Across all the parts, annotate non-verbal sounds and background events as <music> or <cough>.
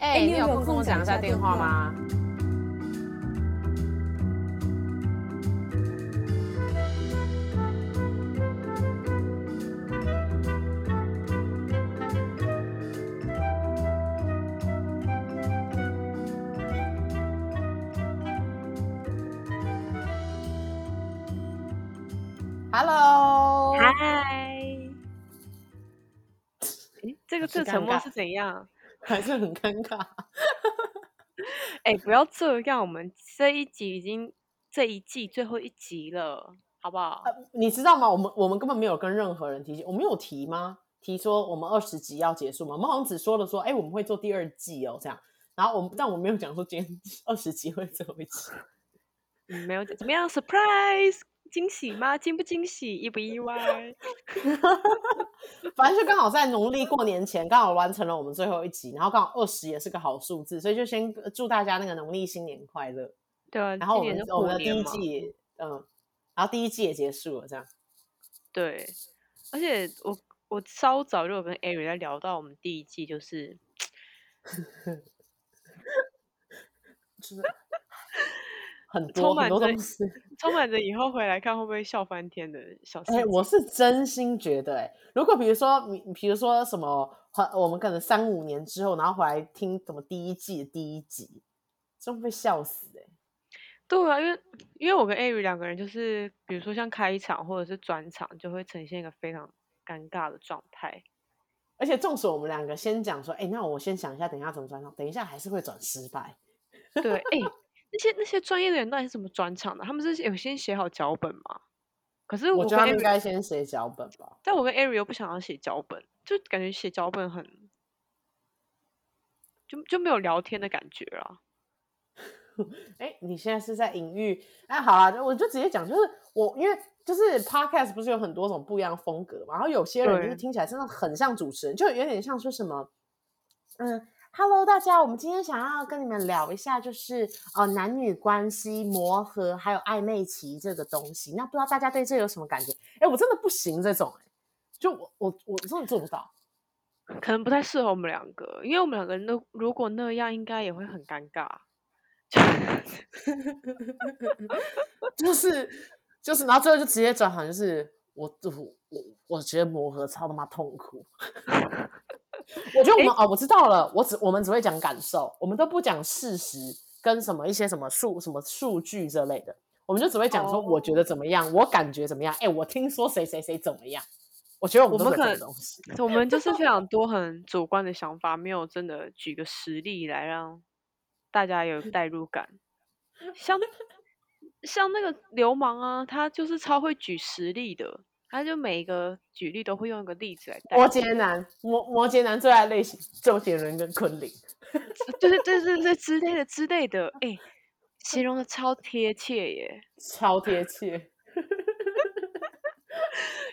哎，欸欸、你有空跟我講一下電話嗎？Hello，嗨。哎，這個這什麼是怎樣？還是很尷尬，哎、 <laughs> 欸，不要這樣！我們這一集已經這一季最後一集了，好不好？呃、你知道嗎？我們我們根本沒有跟任何人提起，我們有提嗎？提說我們二十集要結束嗎？我們好像只說了說，哎、欸，我們會做第二季哦、喔，這樣。然後我們，但我沒有講說今天二十集會最後一集，嗯、沒有怎麼樣？Surprise！驚喜嗎？驚不驚喜？意不意外？反正 <laughs> 就剛好在農曆過年前，剛好完成了我們最後一集，然後剛好二十也是個好數字，所以就先祝大家那個農曆新年快樂。對、啊，然後我們、哦，我們的第一季，嗯，然後第一季也結束了，這樣。對，而且我我稍早就有跟 Ari 在聊到我們第一季，就是， <laughs> 就是 <laughs> 很多很多東西，充滿着以後回來看會不會笑翻天的笑聲。哎、欸，我是真心覺得、欸，哎，如果比如說你，比如說什麼，我們可能三五年之後，然後回來聽什麼第一季的第一集，就會被笑死哎、欸。對啊，因為因為我跟 Ari 兩個人就是，比如說像開場或者是轉場，就會呈現一個非常尷尬的狀態。而且，縱使我們兩個先講說，哎、欸，那我先想一下，等一下怎麼轉場，等一下還是會轉失敗。對，哎、欸。 <laughs> 那些那些專業的人到底是怎麼轉場的？他們是有先寫好腳本嗎？可是我，rie, 我覺得應該先寫腳本吧？但我跟 Ari 又不想要寫腳本，就感覺寫腳本很，就就沒有聊天的感覺了。哎、欸，你現在是在隱喻？哎、啊，好啊，我就直接講，就是我因為就是 Podcast 不是有很多種不一樣風格嘛，然後有些人就是聽起來真的很像主持人，對就有點像說什麼，嗯。Hello，大家，我們今天想要跟你們聊一下，就是呃，男女關係磨合還有曖昧期這個東西。那不知道大家對這個有什麼感覺？哎、欸，我真的不行這種、欸，就我我我真的做不到。可能不太適合我們兩個，因為我們兩個人都如果那樣，應該也會很尷尬。就是就是，然後最後就直接轉行，就是我我我我覺得磨合超他媽痛苦。 <laughs> 我覺得我們誒哦，我知道了，我只我們只會講感受，我們都不講事實跟什麼一些什麼數什麼數據之類的，我們就只會講說我覺得怎麼樣，Oh. 我感覺怎麼樣，哎，我聽說誰誰誰怎麼樣，我覺得我們，我們可能、嗯、我們就是非常多很主觀的想法，沒有真的舉個實例來讓大家有代入感，像像那個流氓啊，他就是超會舉實例的。他就每一個舉例都會用一個例子來帶。摩羯男，摩摩羯男最愛類型，周杰倫跟昆凌 <laughs> 就是，就是、就是、是之類的、之類的，哎、欸，形容得超貼切耶，超貼切。 <laughs>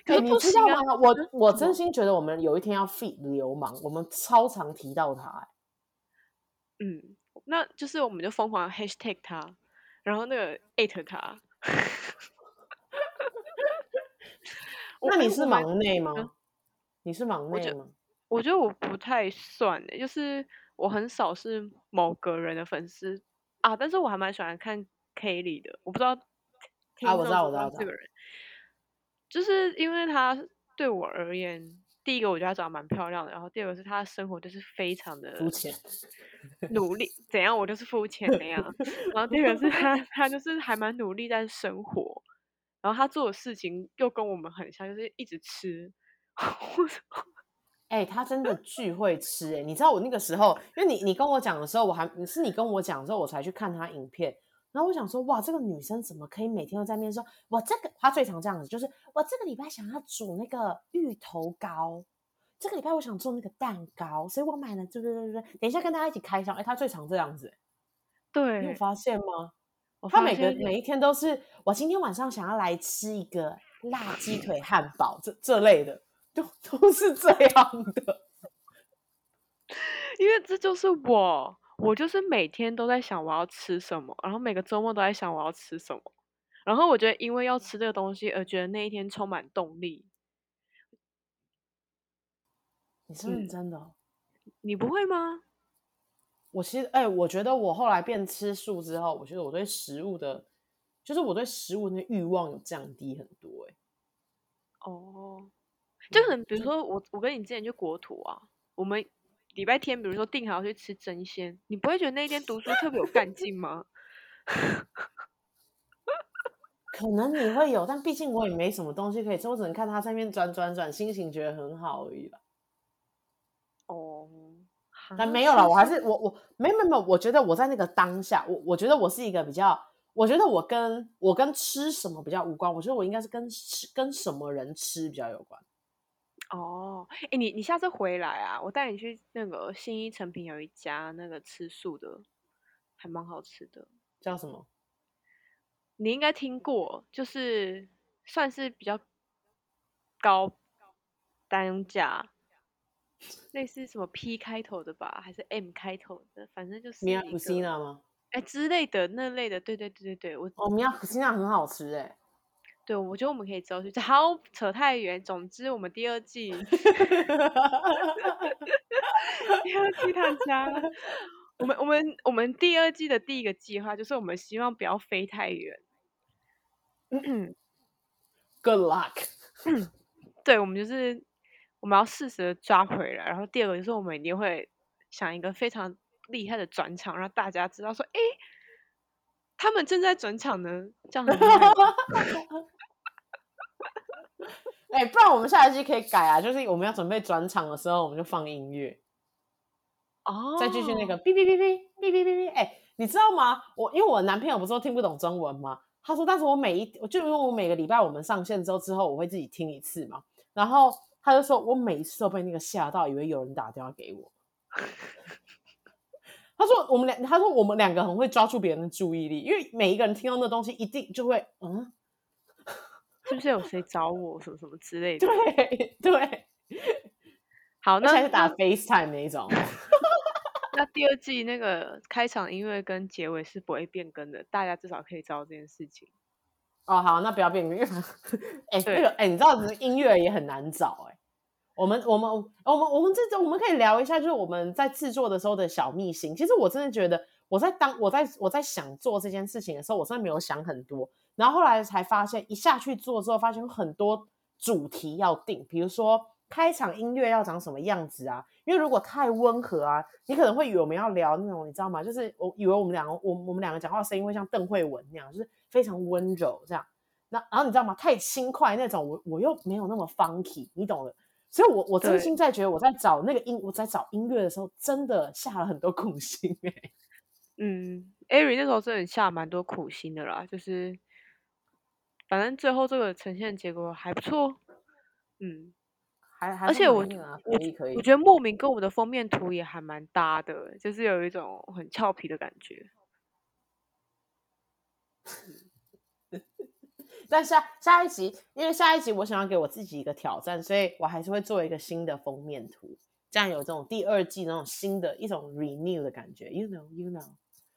可是、欸、你不知道啊？我我真心覺得我們有一天要 feed 流氓，麼我們超常提到他、欸。嗯，那就是我們就瘋狂 hashtag 他，然後那個 at 他。 <laughs> 那你是忙內嗎？你是忙內嗎我？我覺得我不太算、欸，就是我很少是某個人的粉絲啊，但是我還蠻喜歡看 Kelly 的，我不知道 K, 啊，K, 知道我知道是不是這個人，就是因為他對我而言，第一個我覺得他長得蠻漂亮的，然後第二個是他生活就是非常的膚淺，努力浮潛 <laughs> 怎樣，我就是膚淺那樣， <laughs> 然後第二個是他他就是還蠻努力在生活。然後他做的事情又跟我們很像，就是一直吃。哎 <laughs> 、欸，他真的巨會吃哎、欸！你知道我那個時候，因為你你跟我講的時候，我還是你跟我講的時候，我才去看他影片。然後我想說，哇，這個女生怎麼可以每天都在面說，我這個她最常這樣子，就是我這個禮拜想要煮那個芋頭糕，這個禮拜我想做那個蛋糕，所以我買了對對對對對。等一下跟大家一起開箱，哎、欸，她最常這樣子、欸，對你有發現嗎？他每個，我每一天都是，我今天晚上想要來吃一個辣雞腿漢堡這，這這類的都都是這樣的。 <laughs> 因為這就是我，我就是每天都在想我要吃什麼，然後每個周末都在想我要吃什麼，然後我覺得因為要吃這個東西而覺得那一天充滿動力。你、嗯、是認真的、哦？你不會嗎？我其實哎、欸，我覺得我後來變吃素之後，我覺得我對食物的，就是我對食物的慾望降低很多哎、欸。哦，oh. 就可能比如說我我跟你之前去國土啊，我們禮拜天比如說定好要去吃真鮮，你不會覺得那一天讀書特別有乾勁嗎？可能你會有，但畢竟我也沒什麼東西可以吃，我只能看它上面轉轉轉，心情覺得很好而已啦。那、啊、沒有了，我還是我我沒沒沒，我覺得我在那個當下，我我覺得我是一個比較，我覺得我跟我跟吃什麼比較無關，我覺得我應該是跟吃跟什麼人吃比較有關。哦，哎、欸，你你下次回來啊，我帶你去那個信義誠品有一家那個吃素的，還蠻好吃的，叫什麼？你應該聽過，就是算是比較高單價。類似什麼 P 開頭的吧，還是 M 開頭的？反正就是米拉布辛娜嗎？哎、欸，之類的那類的，對對對對對，我哦，米拉布辛娜很好吃哎、欸，對，我覺得我們可以走去，好，扯太遠。總之，我們第二季要去他家。我們我們我們第二季的第一個計劃就是，我們希望不要飛太遠。 <coughs> Good luck！、嗯、對我們就是。我們要適時的抓回來，然後第二個就是我們一定會想一個非常厲害的轉場，讓大家知道說：“哎，他們正在轉場呢。”這樣子。哎、 <laughs> <laughs> 欸，不然我們下一期可以改啊，就是我們要準備轉場的時候，我們就放音樂。哦。再繼續那個嗶嗶嗶嗶嗶嗶嗶。哎，你知道嗎？我因為我男朋友不是都聽不懂中文嗎？他說，但是我每一就是我每個禮拜我們上線之後，之後我會自己聽一次嘛，然後。他就說：“我每次都被那個嚇到，以為有人打電話給我。”他說：“我們兩，他說我們兩個很會抓住別人的注意力，因為每一個人聽到那東西，一定就會，嗯，是不是有誰找我什麼什麼之類的？對對，對。好，那還是打 FaceTime 那一種。 <laughs> 那第二季那個開場音樂跟結尾是不會變更的，大家至少可以知道這件事情。”哦，好，那不要變音樂。哎、 <laughs> 欸，這個對，哎、欸，你知道，音樂也很難找、欸。哎對，我們，我們，我們，我們這我們可以聊一下，就是我們在制作的時候的小秘辛。其實我真的覺得，我在當我在我在想做這件事情的時候，我真的沒有想很多。然後後來才發現，一下去做之後，發現有很多主題要定，比如說開場音樂要長什麼樣子啊？因為如果太溫和啊，你可能會以為我們要聊那種，你知道嗎？就是我以為我們兩個，我我們兩個講話聲音會像鄧慧文那樣，就是。非常溫柔，這樣，那然後你知道嗎？太輕快那種我，我我又沒有那麼 funky，你懂的。所以我，我我真心在覺得我在找那個音，對我在找音樂的時候，真的下了很多苦心哎、欸。嗯，艾瑞那時候真的下蠻多苦心的啦，就是反正最後這個呈現結果還不錯。嗯，還還、啊、而且我可以可以我我覺得莫名跟我的封面圖也還蠻搭的，就是有一種很俏皮的感覺。但下下一集，因為下一集我想要給我自己一個挑戰，所以我還是會做一個新的封面圖，這樣有這種第二季那種新的、一種 renew 的感覺，you know，you know, you know.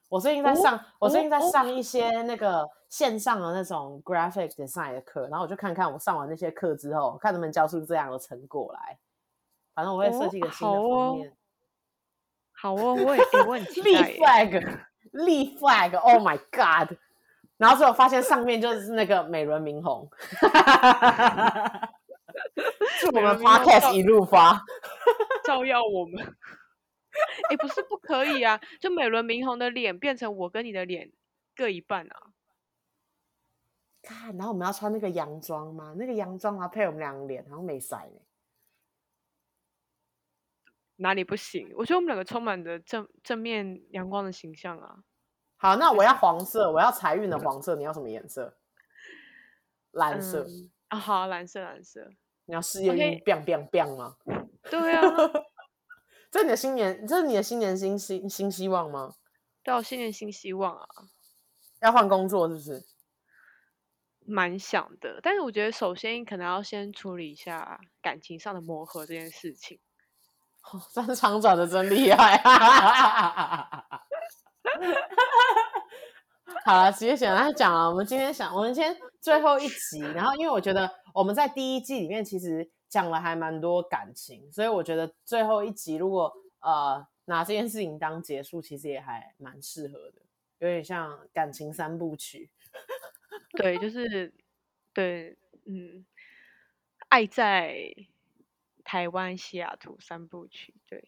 我最近在上，哦、我最近在上一些那個線上的那種 graphic design 的課，哦哦、然後我就看看我上完那些課之後，看能不能交出這樣的成果來。反正我會設計一個新的封面。哦好，哦好哦，我也挺，問、欸、題 <laughs> 立 flag, 立 flag, oh my god! 然後最後發現上面就是那個美輪明宏， <laughs> <laughs> 是我們 podcast 一路發照，照耀我們。哎， <laughs> 不是不可以啊,就美輪明宏的臉變成我跟你的臉各一半啊。看，然後我們要穿那個洋裝嘛，那個洋裝還、啊、配我們兩個臉，然後沒曬呢、欸。哪裡不行？我覺得我們兩個充滿着正正面陽光的形象啊。好，那我要黃色，嗯、我要財運的黃色。嗯、你要什麼顏色？藍色、嗯、啊，好啊，藍色，藍色。你要事業運 biang biang biang 嗎？對啊， <laughs> 這是你的新年，這是你的新年新新新希望嗎？對，我新年新希望啊，要換工作是不是？蠻想的，但是我覺得首先可能要先處理一下感情上的磨合這件事情。哦，這場轉得真厲害 <laughs> <laughs> <laughs> 好了，直接簡單講了。我們今天想，我們今天最後一集。然後，因為我覺得我們在第一季裡面其實講了還蠻多感情，所以我覺得最後一集如果呃拿這件事情當結束，其實也還蠻適合的。有點像感情三部曲，對，就是對，嗯，愛在台灣、西雅圖三部曲，對。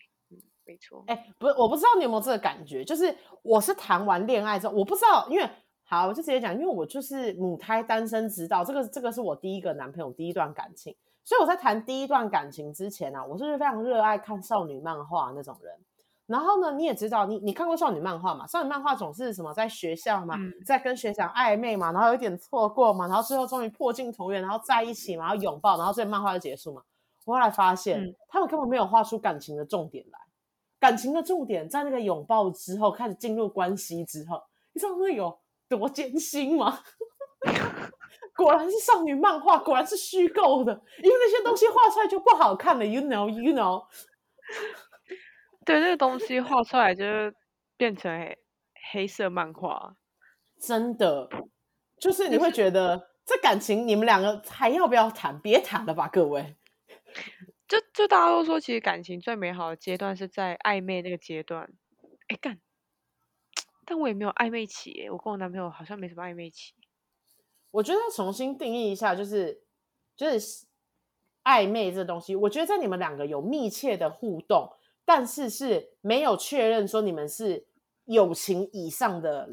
沒錯，哎、欸，不，我不知道你有沒有這個感覺，就是我是談完戀愛之後，我不知道，因為好，我就直接講，因為我就是母胎單身，知道這個，這個是我第一個男朋友，第一段感情，所以我在談第一段感情之前呢、啊，我是不是非常熱愛看少女漫畫那種人，然後呢，你也知道，你你看過少女漫畫嘛？少女漫畫總是什麼在學校嘛，嗯、在跟學長曖昧嘛，然後有一點錯過嘛，然後最後終於破鏡重圓，然後在一起嘛，然後擁抱，然後這漫畫就結束嘛。我後來發現，嗯、他們根本沒有畫出感情的重點來。感情的重點在那個擁抱之後，開始進入關係之後，你知道那有多艱辛嗎？ <laughs> 果然是少女漫畫，果然是虛構的，因為那些東西畫出來就不好看了。You know, you know。對，那東西畫出來就是變成黑， <laughs> 黑色漫畫，真的，就是你會覺得、就是、這感情你們兩個還要不要談？別談了吧，各位。就大家都說，其實感情最美好的階段是在曖昧那個階段。哎、欸、幹，但但我也沒有曖昧期，我跟我男朋友好像沒什麼曖昧期。我覺得要重新定義一下，就是就是曖昧這東西，我覺得在你們兩個有密切的互動，但是是沒有確認說你們是友情以上的，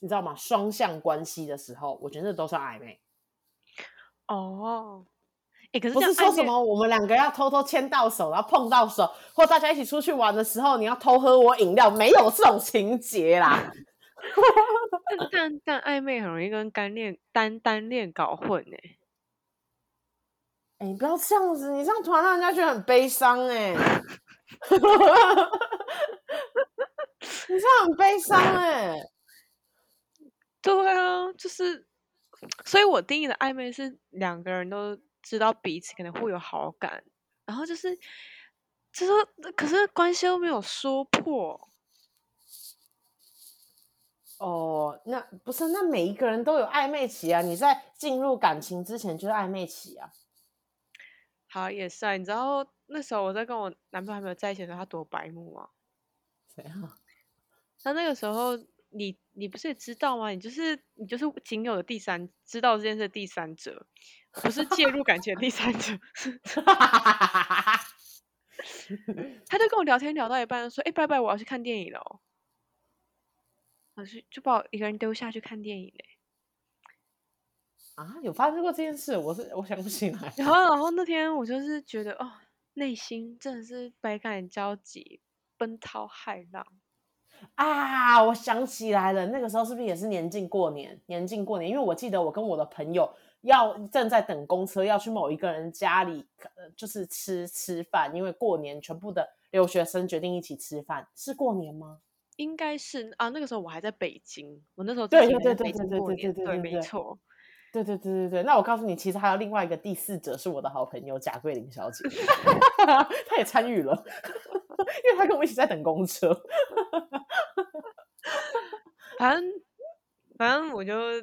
你知道嗎？雙向關係的時候，我覺得那都是曖昧。哦。Oh. 欸、可是不是說什麼我們兩個要偷偷牽到手，然後碰到手，或大家一起出去玩的時候，你要偷喝我飲料，沒有這種情節啦。 <laughs> 但但曖昧很容易跟單戀、單單戀搞混。哎、欸欸。你不要這樣子，你這樣突然讓人家覺得很悲傷。哎、欸。 <laughs> <laughs> 你哈哈你這樣很悲傷。哎、欸。 <laughs> 對啊，就是，所以我定義的曖昧是兩個人都。知道彼此可能會有好感，然後就是，就是，可是關係又沒有說破。哦，那不是，那每一個人都有曖昧期啊，你在進入感情之前就是曖昧期啊。好，也是啊，你知道那時候我在跟我男朋友還沒有在一起的時候，他多白目啊，誰啊？那那個時候你。你不是也知道嗎？你就是你就是僅有的第三，知道這件事的第三者，不是介入感情的第三者。他就跟我聊天聊到一半，說：“哎、欸，拜拜，我要去看電影了。我”老師就把我一個人丟下去看電影嘞。啊，有發生過這件事，我是我想不起來。然後，然後那天我就是覺得，哦，內心真的是百感交集，奔濤駭浪。啊，我想起來了，那個時候是不是也是年近過年？年近過年，因為我記得我跟我的朋友要正在等公車，要去某一個人家裡，呃、就是吃吃飯，因為過年全部的留學生決定一起吃飯，是過年嗎？應該是啊，那個時候我還在北京，我那時候那對對對對對對對沒錯，對對對對對。那我告訴你，其實還有另外一個第四者是我的好朋友賈桂林小姐，她 <laughs> <laughs> 也參與了。 <laughs> 因為他跟我一起在等公車， <laughs> 反正反正我就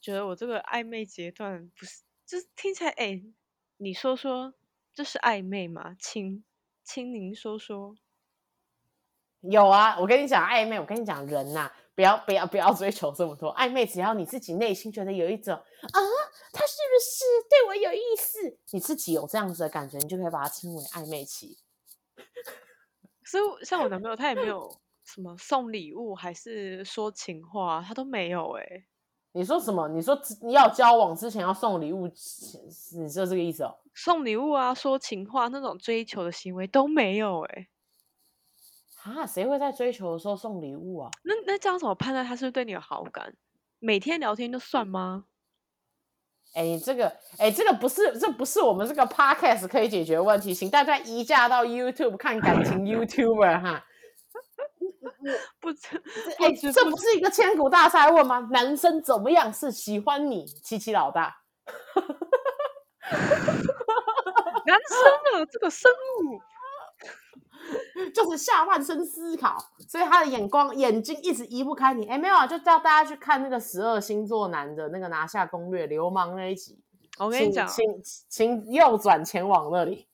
覺得我這個曖昧階段不是，就是聽起來哎、欸，你說說，這是曖昧嗎？請，請您說說。有啊，我跟你講曖昧，我跟你講人吶、啊，不要不要不要追求這麼多曖昧，只要你自己內心覺得有一種啊，他是不是對我有意思？你自己有這樣子的感覺，你就可以把它稱為曖昧期。所以 <laughs> 像我男朋友，他也沒有什麼送禮物，還是說情話、啊，他都沒有哎、欸。你說什麼？你說要交往之前要送禮物，你知道這個意思哦？送禮物啊，說情話那種追求的行為都沒有哎、欸。啊，誰會在追求的時候送禮物啊？那那這樣怎麼判斷他是不是對你有好感？每天聊天就算嗎？哎，這個，哎，這個不是，這不是我們這個 podcast 可以解決問題，請大家移駕到 YouTube 看感情 YouTuber 哈。 <laughs> 不是，哎，這不是一個千古大哉問嗎？男生怎麼樣是喜歡你，七七老大？男生的這個生物。 <laughs> 就是下半身思考，所以他的眼光、眼睛一直移不開你。哎，沒有啊，就叫大家去看那個十二星座男的那個拿下攻略流氓那一集。我跟你講，請請，請右轉前往那裡。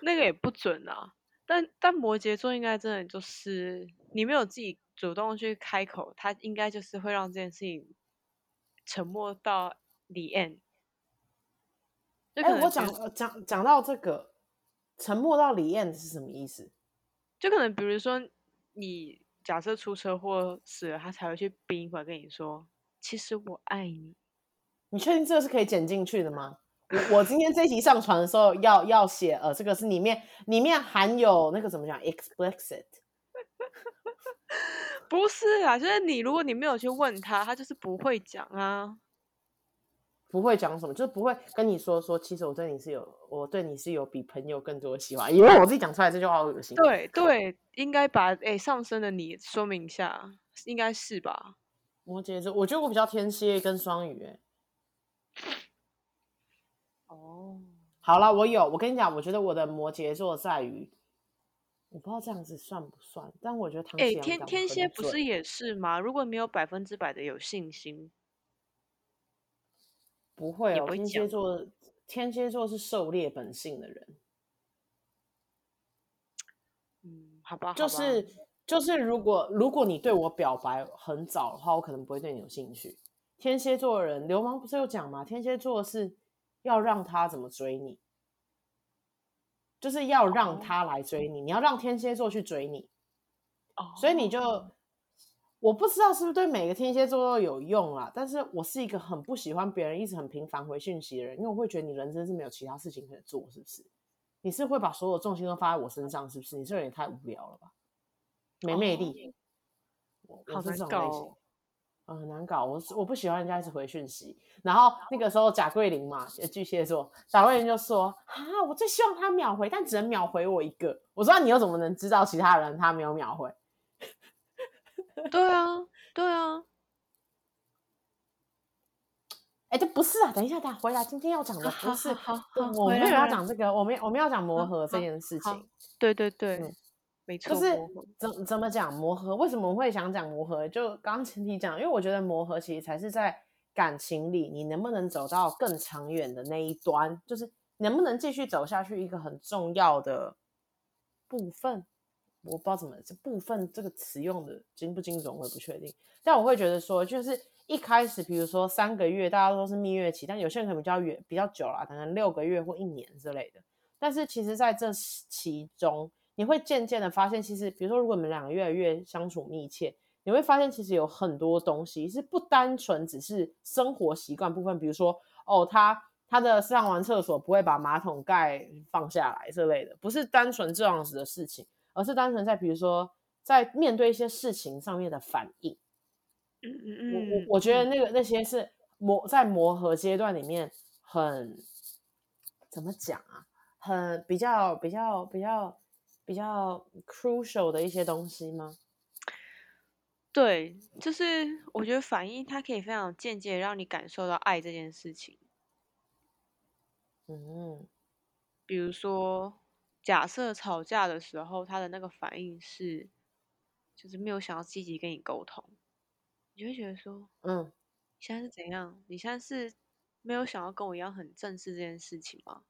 那個也不準啊。但但摩羯座應該真的就是你沒有自己主動去開口，他應該就是會讓這件事情沉默到 The End。哎、就是，我講講講到這個沉默到 The End 是什麼意思？就可能，比如說，你假設出車禍死了，他才會去殯儀館跟你說，其實我愛你。你確定這個是可以剪進去的嗎？我 <laughs> 我今天這一集上傳的時候要要寫，呃，這個是裡面裡面含有那個怎麼講，explicit， <laughs> 不是啊，就是你如果你沒有去問他，他就是不會講啊。不會講什麼，就是不會跟你說說，其實我對你是有，我對你是有比朋友更多的喜歡。因為我自己講出來這句話好惡心。對對，應該把誒、欸、上升的你說明一下，應該是吧？摩羯座，我覺得我比較天蠍跟雙魚哦、欸，oh. 好了，我有，我跟你講，我覺得我的摩羯座在於，我不知道這樣子算不算，但我覺得誒、欸，天天蠍不是也是嗎？如果你沒有百分之百的有信心。不會哦，會天蠍座，天蠍座是狩獵本性的人。嗯，好吧，就是就是，就是、如果如果你對我表白很早的話，我可能不會對你有興趣。天蠍座的人，流氓不是有講嗎？天蠍座是要讓他怎麼追你，就是要讓他來追你，你要讓天蠍座去追你。哦，Oh. 所以你就。我不知道是不是對每個天蠍座都有用啦，但是我是一個很不喜歡別人一直很頻繁回訊息的人，因為我會覺得你人生是沒有其他事情可以做，是不是？你是會把所有重心都發在我身上，是不是？你這人也太無聊了吧，沒魅力。我是這種類型。好難搞、哦嗯。很難搞。我我不喜歡人家一直回訊息，然後那個時候賈桂林嘛，巨蟹座，賈桂林就說啊，我最希望他秒回，但只能秒回我一個。我說你又怎麼能知道其他人他沒有秒回？ <laughs> 對啊，對啊，哎、欸，這不是啊！等一下，等一下回來，今天要講的不是，啊、好好好對，我們要講這個，來我們我們要講磨合這件事情。啊、對對對，嗯、沒錯。就是怎怎麼講磨合？為什麼會想講磨合？就剛前提講，因為我覺得磨合其實才是在感情裡，你能不能走到更長遠的那一端，就是能不能繼續走下去一個很重要的部分。我不知道怎麼“這部分”這個詞用的精不精準，我也不確定。但我會覺得說，就是一開始，比如說三個月，大家都是蜜月期，但有些人可能比較遠、比較久了，可能六個月或一年之類的。但是其實在這其中，你會漸漸的發現，其實比如說，如果我們兩個越來越相處密切，你會發現其實有很多東西是不單純只是生活習慣部分，比如說哦，他他的上完廁所不會把馬桶蓋放下來之類的，不是單純這樣子的事情。而是單純在，比如說，在面對一些事情上面的反應，嗯嗯嗯，嗯我我我覺得那個那些是磨在磨合階段裡面很怎麼講啊，很比較比較比較比較 crucial 的一些東西嗎？對，就是我覺得反應它可以非常間接讓你感受到愛這件事情。嗯，比如說。假設吵架的時候，他的那個反應是，就是沒有想要積極跟你溝通，你就會覺得說，嗯，現在是怎樣？你現在是沒有想要跟我一樣很正視這件事情嗎？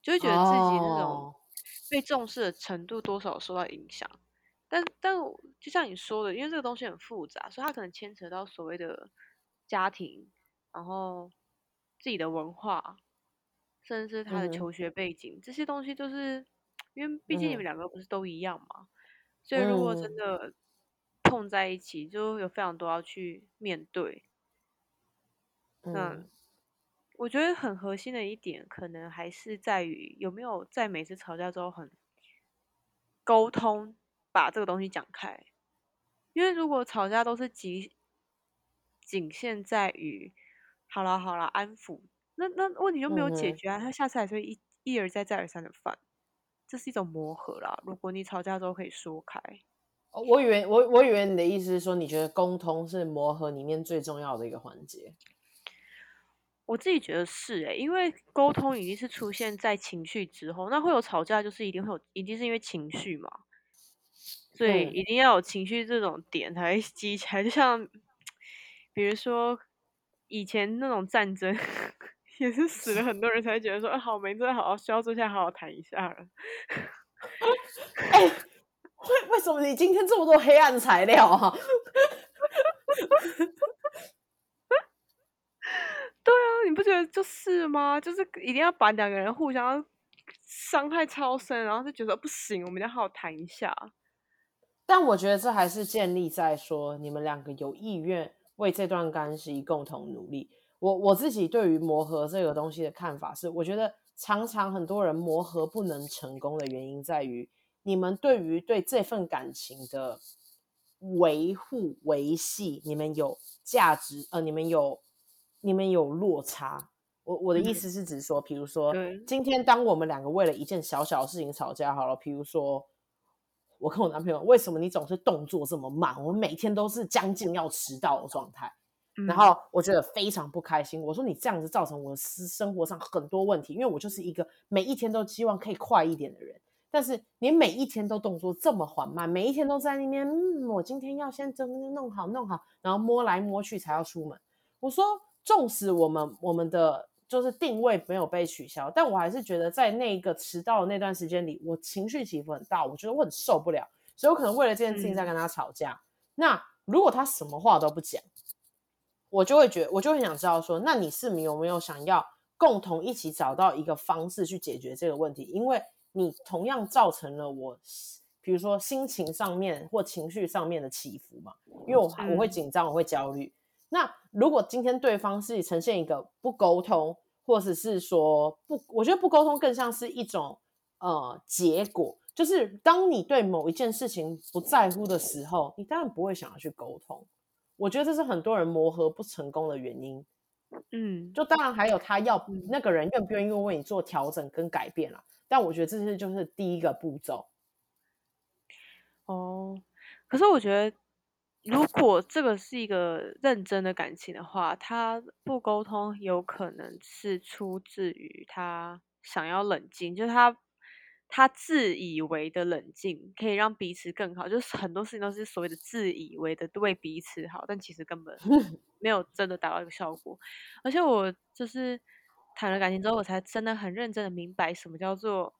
就會覺得自己那種被重視的程度多少受到影響。哦。但但就像你說的，因為這個東西很複雜，所以他可能牽扯到所謂的家庭，然後自己的文化，甚至是他的求學背景，嗯、這些東西就是。因為畢竟你們兩個不是都一樣嘛，嗯、所以如果真的碰在一起，嗯、就有非常多要去面對。嗯，我覺得很核心的一點，可能還是在於有沒有在每次吵架之後很溝通，把這個東西講開。因為如果吵架都是僅僅限在於“好了好了”安撫，那那問題就沒有解決啊！嗯、他下次還是會一一而再再而三的犯。這是一種磨合啦。如果你吵架之後可以說開，哦，我以為我，我以為你的意思是說，你覺得溝通是磨合裡面最重要的一個環節。我自己覺得是哎、欸，因為溝通一定是出現在情緒之後，那會有吵架，就是一定會有，一定是因為情緒嘛，所以一定要有情緒這種點才激起來。就像，比如說以前那種戰爭。也是死了很多人，才覺得說，欸、好沒做好，真的好好需要坐下來好好談一下了。為、 <laughs> 欸、為什麼你今天這麼多黑暗的材料啊？ <laughs> 對啊，你不覺得就是嗎？就是一定要把兩個人互相傷害超深，然後就覺得不行，我們要好好談一下。但我覺得這還是建立在說你們兩個有意願為這段關係共同努力。我我自己對於磨合這個東西的看法是，我覺得常常很多人磨合不能成功的原因在於，你們對於對這份感情的維護維繫，你們有價值，呃，你們有你們有落差。我我的意思是指說，比、嗯、比如說對今天當我們兩個為了一件小小的事情吵架好了，比如說我跟我男朋友，為什麼你總是動作這麼慢？我們每天都是將近要遲到的狀態。然後我覺得非常不開心。我說你這樣子造成我私生活上很多問題，因為我就是一個每一天都希望可以快一點的人。但是你每一天都動作這麼緩慢，每一天都在那邊，嗯，我今天要先整理弄好弄好，然後摸來摸去才要出門。我說，縱使我們我們的就是定位沒有被取消，但我還是覺得在那個遲到的那段時間裡，我情緒起伏很大，我覺得我很受不了。所以，我可能為了這件事情在跟他吵架。是那如果他什麼話都不講？我就會覺得，我就會想知道說，那你是有沒有想要共同一起找到一個方式去解決這個問題？因為你同樣造成了我，比如說心情上面或情緒上面的起伏嘛。因為我我會緊張，我會焦慮。嗯、那如果今天對方是呈現一個不溝通，或者是說不，我覺得不溝通更像是一種呃結果，就是當你對某一件事情不在乎的時候，你當然不會想要去溝通。我覺得這是很多人磨合不成功的原因，嗯，就當然還有他要那個人願不願意為你做調整跟改變了啊，但我覺得這是就是第一個步驟。哦，可是我覺得如果這個是一個認真的感情的話，他不溝通有可能是出自於他想要冷靜，就是他。他自以為的冷靜可以讓彼此更好，就是很多事情都是所謂的自以為的對彼此好，但其實根本沒有真的達到一個效果。而且我就是談了感情之後，我才真的很認真的明白什麼叫做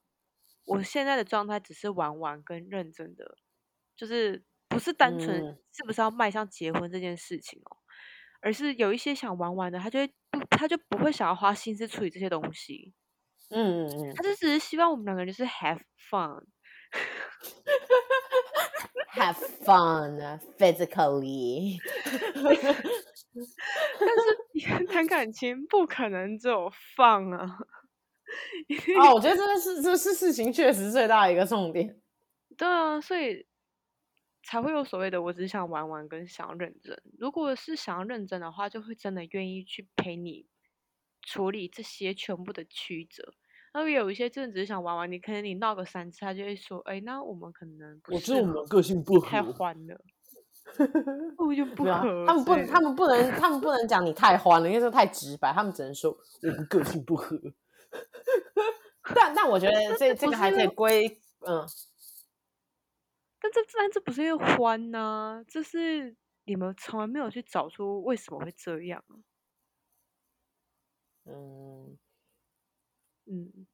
我現在的狀態，只是玩玩跟認真的，就是不是單純是不是要邁向結婚這件事情哦，而是有一些想玩玩的，他就會不，他就不會想要花心思處理這些東西。嗯，他就只是希望我們兩個就是 have fun，have <laughs> fun physically， <laughs> 但是談感情不可能只有 fun 啊。哦， <laughs> 我覺得這個是，這是事情確實最大的一個重點。對啊，所以才會有所謂的我只想玩玩，跟想認真。如果是想要認真的，的話，就會真的願意去陪你處理這些全部的曲折。然後有一些真的只是想玩玩，你可能你鬧個三次，他就會說：“哎，那我們可能、啊……”我覺得我們個性不合，太歡了，他呵我們不能，他們不，他們不能，他們不能講你太歡了，因為這太直白。他們只能說 <laughs> 我們個性不合， <laughs> 但但我覺得這 <laughs> 這個還可以歸嗯但，但這自然這不是因為歡呢、啊，這、就是你們從來沒有去找出為什麼會這樣、啊。嗯。嗯，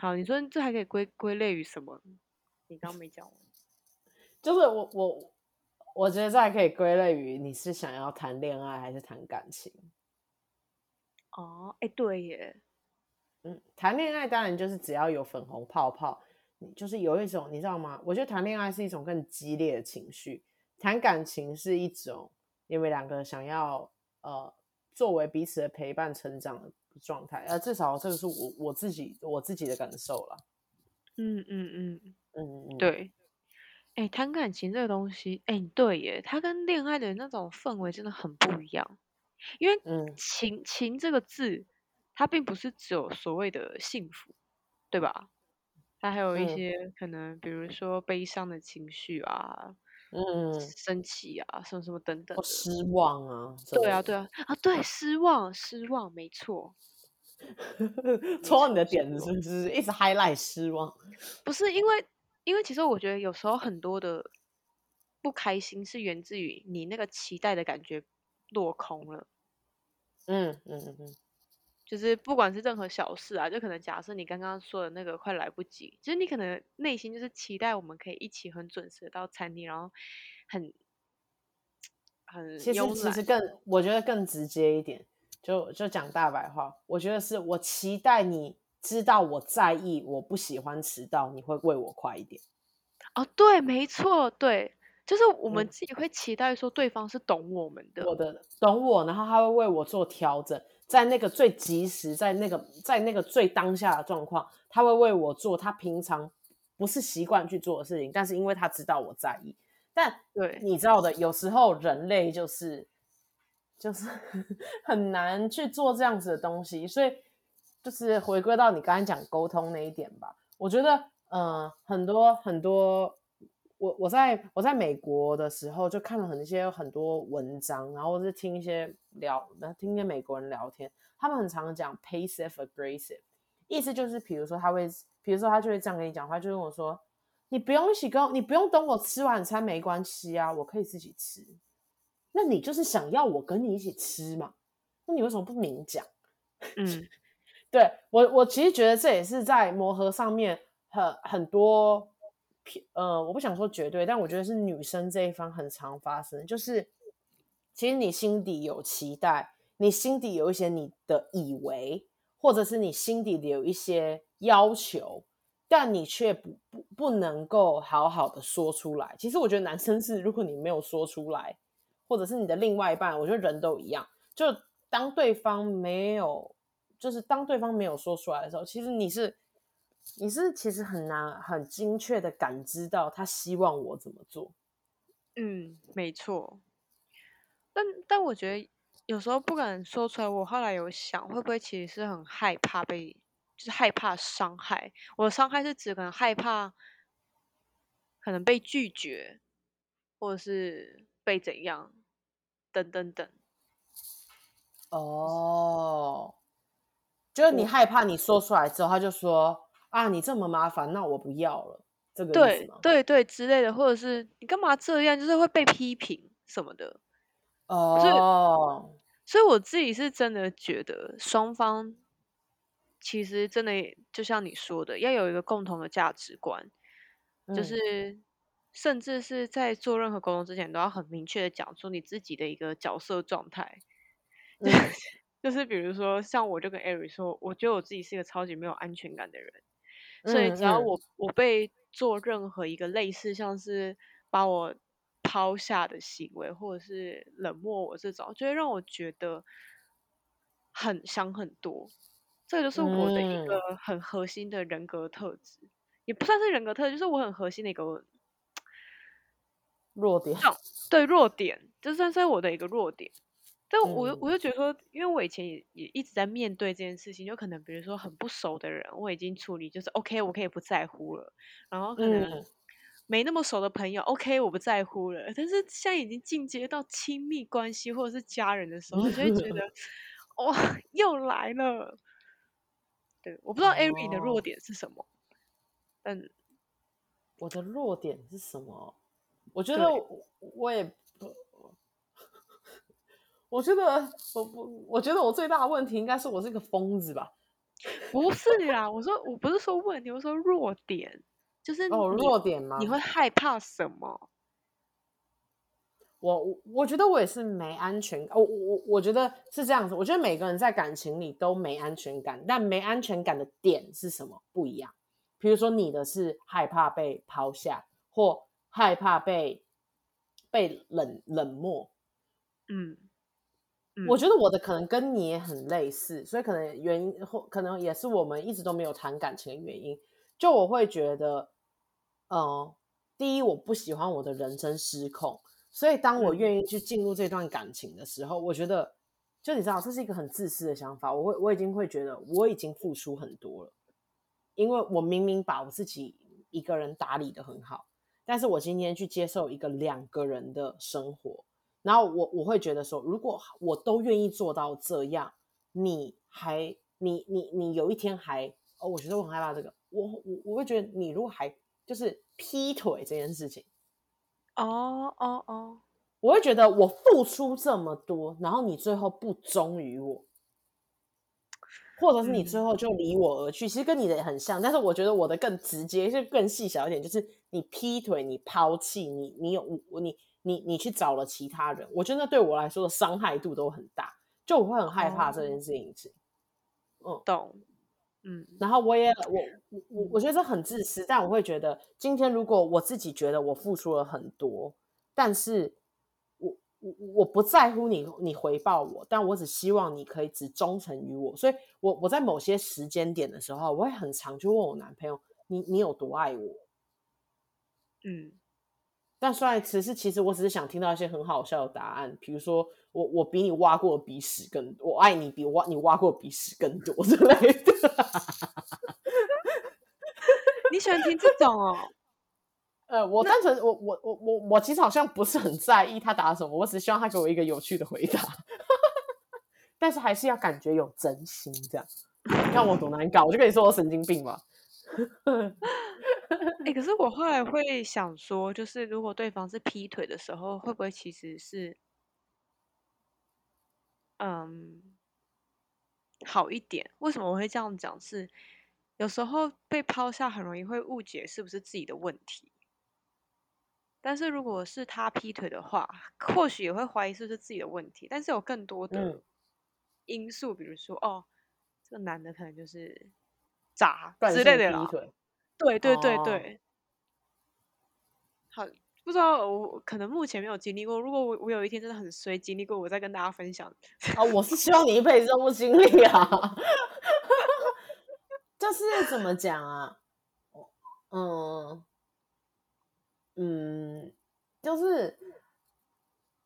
好，你說這還可以歸歸類於什麼？你剛沒講完，就是我我我覺得這還可以歸類於你是想要談戀愛還是談感情？哦，哎，對耶，嗯，談戀愛當然就是只要有粉紅泡泡，就是有一種你知道嗎？我覺得談戀愛是一種更激烈的情緒，談感情是一種因為兩個想要呃作為彼此的陪伴成長的。狀態啊，至少這個是我我自己我自己的感受啦、嗯。嗯嗯嗯嗯嗯，對。哎、欸，談感情這個東西，哎、欸，對耶，它跟戀愛的那種氛圍真的很不一樣。因為“情情”嗯、情這個字，它並不是只有所謂的幸福，對吧？它還有一些、嗯、可能，比如說悲傷的情緒啊。嗯，生氣、嗯、啊，什麼什麼等等、哦，失望啊，對啊，對啊，啊，對，失望，失望，失望，沒錯，戳 <laughs> 你的點子是不是？一直 highlight 失望，失望不是因為，因為其實我覺得有時候很多的不開心是源自於你那個期待的感覺落空了，嗯嗯嗯嗯。嗯嗯就是不管是任何小事啊，就可能假設你剛剛說的那個快來不及，其實你可能內心就是期待我們可以一起很準時的到餐廳，然後很很其實其實更我覺得更直接一點，就就講大白話，我覺得是我期待你知道我在意，我不喜歡遲到，你會為我快一點。哦，對，沒錯，對，就是我們自己會期待說對方是懂我們的，嗯、我的懂我，然後他會為我做調整。在那個最即時，在那個在那個最當下的狀況，他會為我做他平常不是習慣去做的事情，但是因為他知道我在意。但對，你知道的，對有時候人類就是就是很難去做這樣子的東西，所以就是回歸到你剛才講溝通那一點吧。我覺得，嗯、呃，很多很多。我我在我在美國的時候，就看了很多很多文章，然後是聽一些聊，聽一些美國人聊天，他們很常講 passive aggressive，意思就是，比如說他會，比如說他就會這樣跟你講話，就跟我說，你不用一起跟你不用等我吃晚餐，沒關係啊，我可以自己吃。那你就是想要我跟你一起吃嘛？那你為什麼不明講？嗯， <laughs> 對我我其實覺得這也是在磨合上面很很多。呃，我不想說絕對，但我覺得是女生這一方很常發生，就是其實你心底有期待，你心底有一些你的以為，或者是你心底裡有一些要求，但你卻不不不能夠好好的說出來。其實我覺得男生是，如果你沒有說出來，或者是你的另外一半，我覺得人都一樣，就當對方沒有，就是當對方沒有說出來的時候，其實你是。你是其實很難很精確的感知到他希望我怎麼做，嗯，沒錯。但但我覺得有時候不敢說出來，我後來有想，會不會其實是很害怕被，就是害怕傷害。我的傷害是指可能害怕，可能被拒絕，或者是被怎樣，等等等。哦，就是你害怕你說出來之後，我他就說。啊，你這麼麻煩，那我不要了。這個對，對對對之類的，或者是你幹嘛這樣，就是會被批評什麼的。哦、oh，所以我自己是真的覺得，雙方其實真的就像你說的，要有一個共同的價值觀，嗯、就是甚至是在做任何溝通之前，你都要很明確的講出你自己的一個角色狀態。就是、嗯、就是比如說，像我就跟 Ari 說，我覺得我自己是一個超級沒有安全感的人。所以只要我、嗯嗯、我被做任何一個類似像是把我拋下的行為，或者是冷漠我這種，就會讓我覺得很想很多。這個就是我的一個很核心的人格特質，嗯、也不算是人格特質，就是我很核心的一個弱點。對弱點，這算是我的一個弱點。但我我就覺得說，因為我以前也也一直在面對這件事情，有可能比如說很不熟的人，我已經處理就是 OK，我可以不在乎了。然後可能沒那麼熟的朋友、嗯、，OK，我不在乎了。但是現在已經進階到親密關係或者是家人的時候，我就會覺得哇、 <laughs> 哦，又來了。對，我不知道 Ari 的弱點是什麼。嗯、哦，但我的弱點是什麼？我覺得對我,我也。我覺得我我我覺得我最大的問題應該是我是一個瘋子吧？不是呀， <laughs> 我說我不是說問題，我說弱點，就是哦，弱點嗎？你會害怕什麼？我我覺得我也是沒安全感。我我我覺得是這樣子。我覺得每個人在感情裡都沒安全感，但沒安全感的點是什麼？不一樣。比如說你的是害怕被拋下，或害怕被被冷冷漠，嗯。我覺得我的可能跟你也很類似，所以可能原因或可能也是我們一直都沒有談感情的原因。就我會覺得，嗯、呃，第一，我不喜歡我的人生失控，所以當我願意去進入這段感情的時候，嗯、我覺得，就你知道，這是一個很自私的想法。我會我已經會覺得我已經付出很多了，因為我明明把我自己一個人打理的很好，但是我今天去接受一個兩個人的生活。然後我我會覺得說，如果我都願意做到這樣，你還你你你有一天還哦，我覺得我很害怕這個，我我我會覺得你如果還就是劈腿這件事情，哦哦哦，哦哦我會覺得我付出這麼多，然後你最後不忠於我，或者是你最後就離我而去，嗯、其實跟你的也很像，但是我覺得我的更直接，就更細小一點，就是你劈腿，你拋棄你，你有我你。你你去找了其他人，我覺得那對我來說的傷害度都很大，就我會很害怕這件事情。哦、嗯，懂。嗯，然後我也我我我覺得很自私，嗯、但我會覺得今天如果我自己覺得我付出了很多，但是我我我不在乎你你回報我，但我只希望你可以只忠誠於我。所以我我在某些時間點的時候，我會很常去問我男朋友，你你有多愛我？嗯。但說來是，其實我只是想聽到一些很好笑的答案，比如說我我比你挖過鼻屎更，我愛你比挖你挖過鼻屎更多之類的。 <laughs> <laughs> 你喜歡聽這種哦？呃，我單純我我我我我，我其實好像不是很在意他答什麼，我只希望他給我一個有趣的回答。 <laughs> 但是還是要感覺有真心這樣。你 <laughs> 看我多難搞，我就跟你說我神經病吧。 <laughs> 欸、可是我後來會想說，就是如果對方是劈腿的時候，會不會其實是，嗯，好一點？為什麼我會這樣講？是有時候被拋下很容易會誤解是不是自己的問題，但是如果是他劈腿的話，或許也會懷疑是不是自己的問題，但是有更多的因素，嗯、比如說，哦，這個男的可能就是渣之類的了。對對對對、oh. 好，好不知道，我可能目前沒有經歷過。如果我我有一天真的很衰經歷過，我再跟大家分享。啊，oh, 我是希望你一輩子都不經歷啊！ <laughs> 就是怎麼講啊？嗯嗯，就是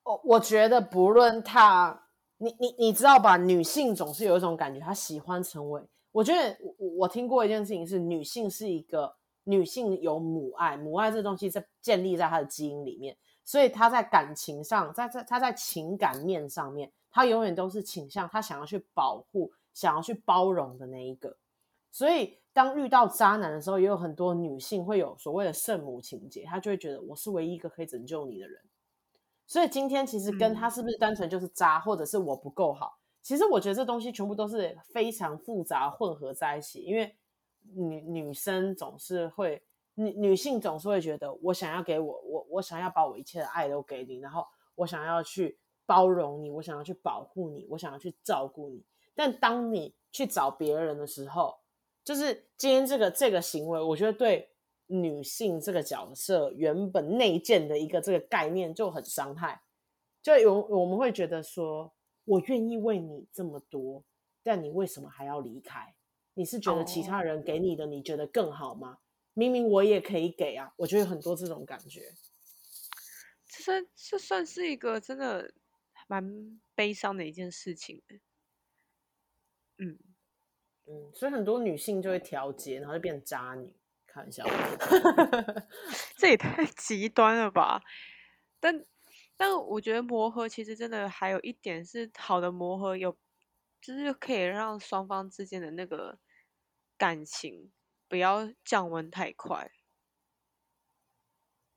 我我覺得，不論他，你你你知道吧？女性總是有一種感覺，她喜歡成為。我覺得我我聽過一件事情是，女性是一個女性有母愛，母愛這東西在建立在她的基因裡面，所以她在感情上，在在她在情感面上面，她永遠都是傾向她想要去保護、想要去包容的那一個。所以當遇到渣男的時候，也有很多女性會有所謂的聖母情結，她就會覺得我是唯一一個可以拯救你的人。所以今天其實跟他是不是單純就是渣，或者是我不夠好？其實我覺得這東西全部都是非常複雜混合在一起，因為女女生總是會，女女性總是會覺得我想要給我我我想要把我一切的愛都給你，然後我想要去包容你，我想要去保護你，我想要去照顧你。但當你去找別人的時候，就是今天這個這個行為，我覺得對女性這個角色原本內建的一個這個概念就很傷害，就有我們會覺得說。我願意為你這麼多，但你為什麼還要離開？你是覺得其他人給你的、oh. 你覺得更好嗎？明明我也可以給啊，我就有很多這種感覺。這算這算是一個真的蠻悲傷的一件事情、欸。嗯嗯，所以很多女性就會調節，然後就變成渣女。開玩笑， <laughs> 這也太極端了吧？但。但我覺得磨合其實真的還有一點是好的磨合有，就是可以讓雙方之間的那個感情不要降溫太快。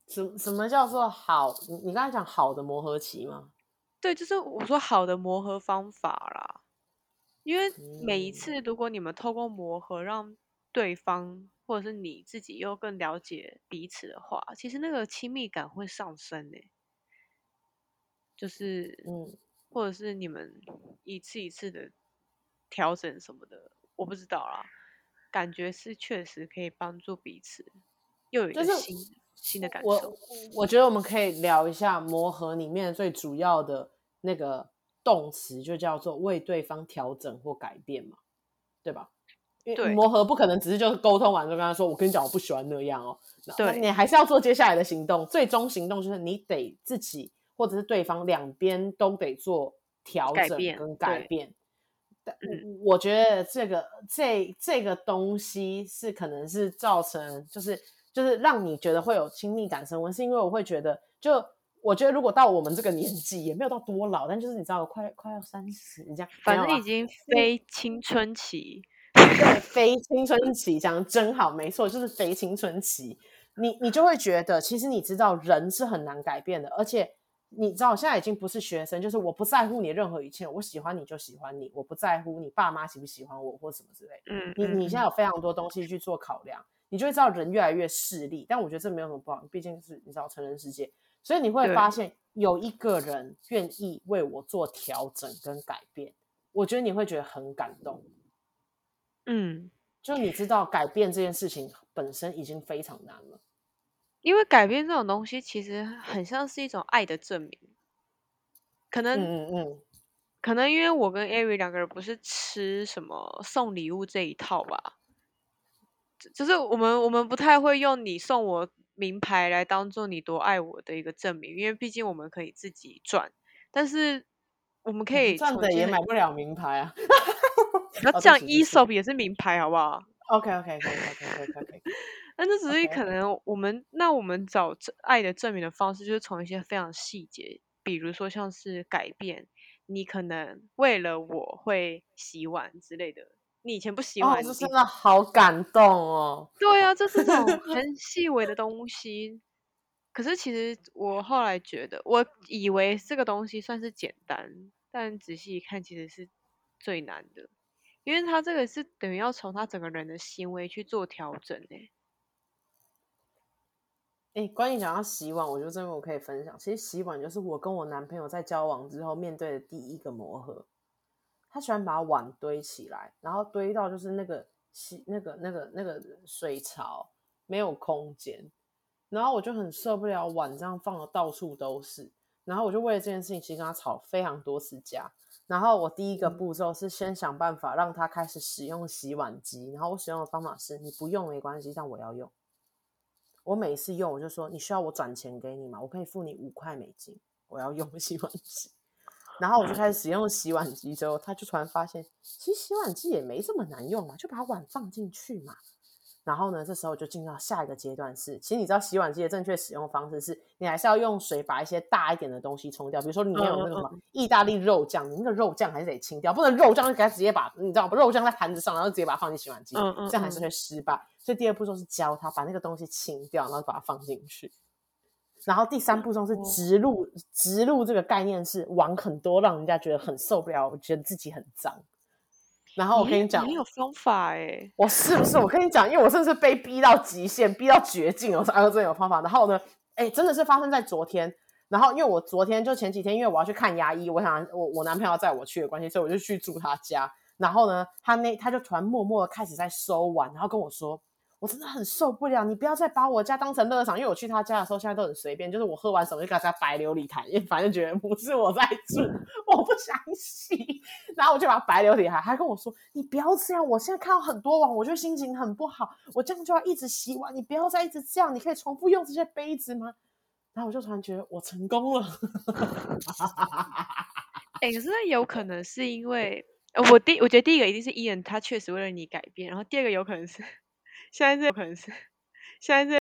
什什麼叫做好？你你剛才講好的磨合期嗎？對，就是我說好的磨合方法啦。因為每一次如果你們透過磨合讓對方或者是你自己又更了解彼此的話，其實那個親密感會上升呢、欸。就是，嗯，或者是你們一次一次的調整什麼的，我不知道啦。感覺是確實可以幫助彼此，又有一個新、就是、新的感受。我，我覺得我們可以聊一下磨合裡面最主要的那個動詞，就叫做為對方調整或改變嘛，對吧？對，磨合不可能只是就是溝通完就跟他說，我跟你講我不喜歡那樣哦。對，你還是要做接下來的行動，最終行動就是你得自己。或者是對方兩邊都得做調整跟改變，改變，但我覺得這個這這個東西是可能是造成就是就是讓你覺得會有親密感升溫，是因為我會覺得就我覺得如果到我們這個年紀也沒有到多老，但就是你知道快，快快要三十你這樣，反正已經非青春期，對，非青春期，講真好，沒錯，就是非青春期，你你就會覺得其實你知道，人是很難改變的，而且。你知道，現在已經不是學生，就是我不在乎你任何一切，我喜歡你就喜歡你，我不在乎你爸媽喜不喜歡我或什麼之類的。嗯嗯。你你現在有非常多東西去做考量，你就會知道人越來越勢利，但我覺得這沒有什麼不好，畢竟是你知道成人世界，所以你會發現對有一個人願意為我做調整跟改變，我覺得你會覺得很感動。嗯，就你知道，改變這件事情本身已經非常難了。因為改變這種東西，其實很像是一種愛的證明。可能，嗯，嗯，嗯可能因為我跟 Ari 兩個人不是吃什麼送禮物這一套吧，就是我們我們不太會用你送我名牌來當做你多愛我的一個證明，因為畢竟我們可以自己賺，但是我們可以賺的也買不了名牌啊。那這樣 Eshop 也是名牌，好不好？OK OK 可以可以可以。但這只是可能我們 Okay. 那我們找這愛的證明的方式，就是從一些非常細節，比如說像是改變，你可能為了我會洗碗之類的，你以前不洗碗，我就真的好感動哦。對啊，這是種很細微的東西。 <laughs> 可是其實我後來覺得，我以為這個東西算是簡單，但仔細一看，其實是最難的，因為他這個是等於要從他整個人的行為去做調整呢、欸。誒，關於講到洗碗，我就認為我可以分享。其實洗碗就是我跟我男朋友在交往之後面對的第一個磨合。他喜歡把碗堆起來，然後堆到就是那個洗那個那個那個水槽沒有空間，然後我就很受不了碗這樣放的到處都是。然後我就為了這件事情，其實跟他吵非常多次架。然後我第一個步驟是先想辦法讓他開始使用洗碗機。然後我使用的方法是，你不用沒關係，但我要用。我每一次用我就說，你需要我轉錢給你嗎？我可以付你五塊美金。我要用洗碗機，然後我就開始使用洗碗機之後，他就突然發現其實洗碗機也沒這麼難用嘛，就把碗放進去嘛。然後呢，這時候就進到下一個階段是，其實你知道洗碗機的正確使用方式是，你還是要用水把一些大一點的東西冲掉，比如說裡面有那個什麼、嗯嗯嗯、意大利肉醬，你那個肉醬還是得清掉，不能肉醬就給它直接把你知道不？肉醬在盤子上，然後直接把它放進洗碗機，嗯嗯嗯這樣還是會失敗。所以第二步就是教他把那個東西清掉，然後把它放進去，然後第三步就是植入哇植入這個概念是玩很多，讓人家覺得很受不了，我覺得自己很髒。然後我跟你講，你有方法哎、欸，我是不是？我跟你講，因為我真的是被逼到極限，逼到絕境我才說真的有方法。然後呢，哎、欸，真的是發生在昨天。然後因為我昨天就前幾天，因為我要去看牙醫，我想我我男朋友載我去的關係，所以我就去住他家。然後呢，他那他就突然默默的開始在收碗，然後跟我說。我真的很受不了，你不要再把我家當成遊樂、樂場。因為我去他家的時候，現在都很隨便，就是我喝完水就給他家擺流理台，因為反正覺得不是我在住，我不想洗，然後我就把擺流理台，他跟我說：“你不要這樣、啊，我現在看到很多碗，我就心情很不好，我這樣就要一直洗碗，你不要再一直這樣，你可以重複用這些杯子嗎？”然後我就突然覺得我成功了。哎、 <laughs> 欸，可是是有可能是因為我第，我覺得第一個一定是伊恩，他確實為了你改變，然後第二個有可能是。現在這可能是，現在。